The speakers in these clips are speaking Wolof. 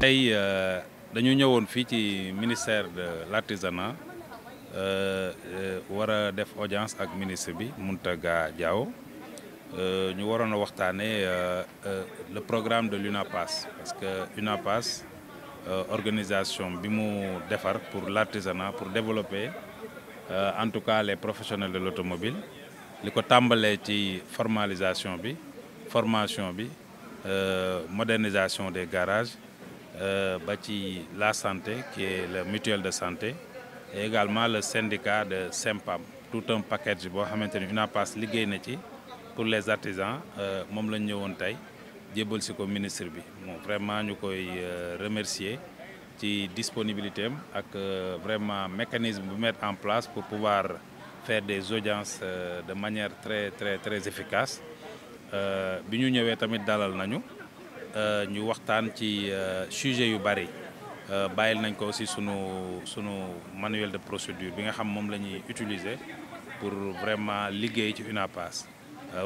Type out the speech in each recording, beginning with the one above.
tey euh, dañu ñëwoon fii ci ministère de l'artisanat euh, euh, war a def audience ak ministre bi Mountaga Diaw ñu waroon a waxtaanee le programme de l'UNAPAS parce que UNAPAS organisation bi mu defar pour l'artisanat pour développer en tout cas les professionnels de l'automobile li ko tàmbalee ci formalisation bi formation bi modernisation des garages Euh, ba ci la santé ki est le mutuelle de santé et également le syndicat de SEMPAM tout un package boo xamante ni UNAPAS liggéey na ci pour les artisans euh, moom lañ ñëwoon tey jébbal si ko ministre bi moom vraiment ñu koy euh, remercier ci disponibilité am ak vraiment mécanisme bu mettre en place pour pouvoir faire des audiences de manière très très très efficace bi ñu ñëwee tamit dalal nañu Euh, ñu waxtaan ci euh, sujet yu bëri euh, bàyyil nañ ko aussi sunu sunu manuel de procédure bi nga xam moom la ñuy utiliser pour vraiment liggéey ci UNAPAS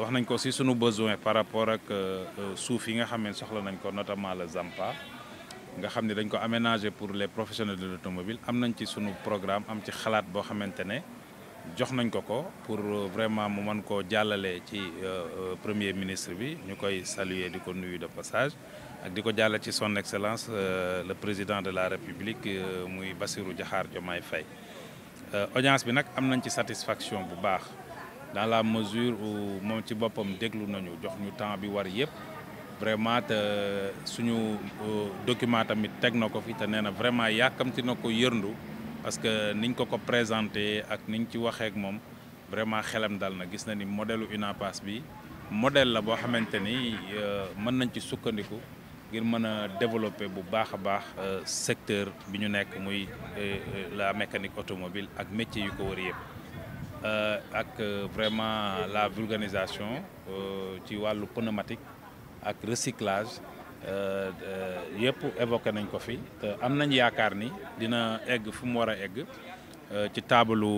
wax nañ ko aussi sunu besoin par rapport ak suuf yi nga xam soxla nañ ko notamment le Zampa nga xam ne dañ ko aménager pour les professionnels de l'automobile am nañ ci sunu programme am ci xalaat boo xamante ne jox nañ ko ko pour euh, vraiment mu man koo jàllale ci euh, euh, premier ministre bi ñu koy saluer di ko nuyu de passage ak di ko jàllal ci son excellence le président de la république muy Bassirou Diakhar Diomaye Faye audience bi nag am nañ ci satisfaction bu baax dans la mesure où moom ci boppam déglu nañu jox ñu temps bi war yëpp vraiment te suñu document tamit teg na ko fi te nee na vraiment yàkkamti na ko yërndu parce que niñ ko ko présenté ak niñ ci waxee moom vraiment xelam dal na gis na ni modèle UNAPAS bi modèle la boo xamante ni euh, mën nañ ci sukkandiku ngir mën a développer bu baax a baax euh, secteur bi ñu nekk muy euh, la mécanique automobile ak métier yu ko wër yëpp ak vraiment la vulgarisation ci wàllu pneumatique ak recyclage Euh, euh, yëpp évoqué nañ ko fi am nañ yaakaar ni dina egg fu mu war a egg euh, ci taabalu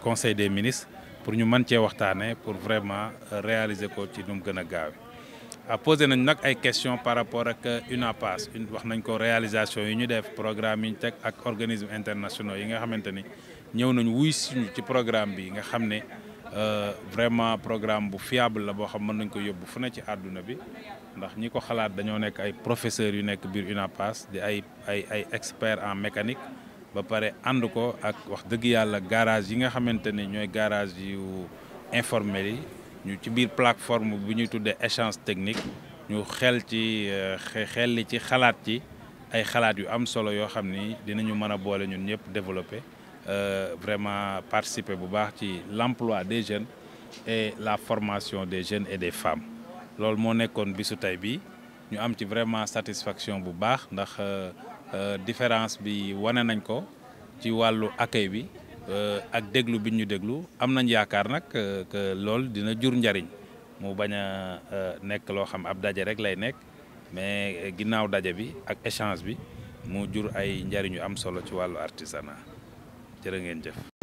conseil des ministres pour ñu mën cee waxtaanee pour vraiment réaliser ko ci nu mu gën a gaawee. posé nañ nag ay question par rapport ak UNAPAS wax nañ ko réalisation yi ñu def programme yi ñu teg ak organisme internationaux yi nga xamante ni ñëw nañ wuy suñu ci programme bi nga xam ne. Euh, vraiment programme bu fiable la boo xam mën nañ ko yóbbu fu ne ci àdduna bi ndax ñi ko xalaat dañoo nekk ay professeurs yu nekk biir UNAPAS di ay ay ay experts en mécanique ba pare ànd ko ak wax dëgg yàlla garage yi nga xamante ni ñooy garage yu informel yi ñu ci biir plateforme bi ñuy tuddee échange technique ñu xel ci euh, xel li ci xalaat ci ay xalaat yu am solo yoo xam ni dinañu mën a boole ñun ñëpp développer Euh, vraiment participer bu baax ci l'emploi des jeunes et la formation des jeunes et des femmes loolu moo nekkoon bisu tey bi ñu am ci vraiment satisfaction bu baax ndax euh, euh, différence bi wane nañ ko ci wàllu accueil bi ak déglu bi ñu déglu am nañ yaakaar nag que loolu dina jur njariñ mu bañ a nekk loo xam ab daje rek lay nekk mais ginnaaw daje bi ak échange bi mu jur ay njariñ yu am solo ci wàllu artisanat jërë ngeen jëf